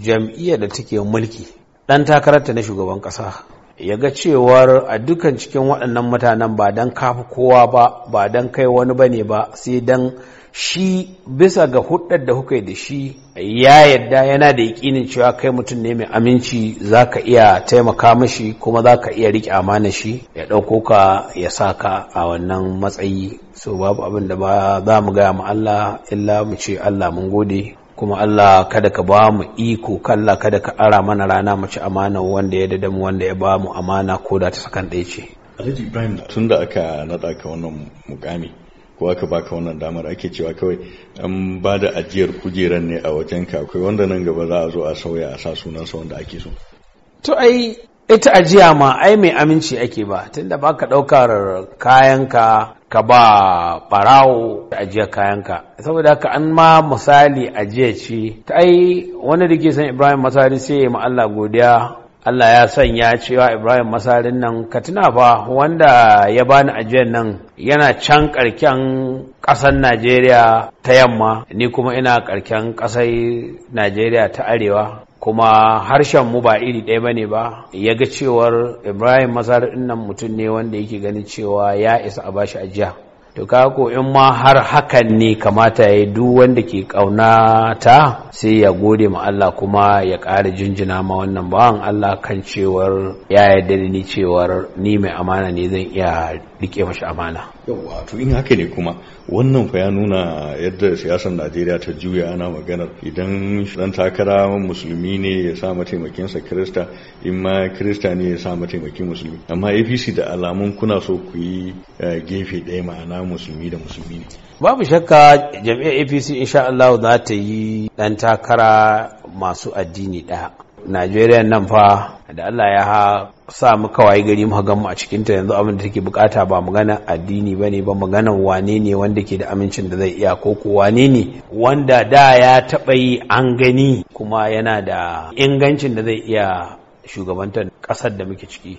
jam'iyyar da take mulki ɗan takararta na shugaban ƙasa ya ga cewar a dukan cikin waɗannan mutanen ba don kafa kowa ba ba don kai wani ba ne ba sai don shi bisa ga hudar da kuka yi da shi ya yadda yana da yakinin cewa kai mutum ne mai aminci za ka iya taimaka mashi kuma za ka iya riƙe amana shi ya ɗauko ka ya sa ka a wannan matsayi so babu abin da ba za mu gaya ma Allah illa mu ce Allah mun gode kuma Allah kada ka ba mu iko kalla kada ka ara mana rana mu ci amana wanda ya mu wanda ya ba mu amana ko da ta sakan ɗaya ce Alhaji Ibrahim tun da aka naɗa ka wannan mukami ko aka baka wannan damar ake cewa kawai an ba da ajiyar kujeran ne a wajen ka akwai wanda nan gaba za a zo a sauya a sa sunansa wanda ake so. To ai ita ajiya ma ai mai aminci ake ba tunda ba ka ɗaukar kayanka ka ba ɓarawo da ajiya kayanka saboda haka an ma misali ajiya ce ta ai wani da ke san ibrahim masari sai ya ma Allah godiya Allah ya sanya cewa Ibrahim masarin nan ka tuna fa wanda ya bani ajiyar nan yana can karken ƙasar Najeriya ta yamma ni kuma ina karken ƙasar Najeriya ta arewa kuma harshen mu ba iri ɗaya bane ba ya ga cewar Ibrahim masarin nan mutum ne wanda yake ganin cewa ya isa a bashi ajiya to kako in ma har hakan ne kamata ya yi duk wanda ke kauna ta sai ya gode ma Allah kuma ya ƙara jinjina ma wannan bawan Allah kan cewar ya yarda ni cewar ni mai amana ne zan iya rike mashi amana yawwa to in haka ne kuma wannan fa ya nuna yadda siyasar najeriya ta juya ana maganar idan dan takara musulmi ne ya sa mataimakinsa kirista in ma kirista ne ya sa mataimakin musulmi amma apc da alamun kuna so ku yi eh, gefe ɗaya ma'ana musulmi da musulmi ne babu shakka jam'iar apc insha allahu za ta yi dan takara masu addini ɗaya najeriya nan fa da allah ya ha sa mu kawai gari mu mu a cikinta yanzu abin da take bukata ba magana addini ba ne ba magana wane ne wanda ke da amincin da zai iya ko wane ne wanda da ya taɓa yi an gani kuma yana da ingancin da zai iya shugabantar ƙasar da muke ciki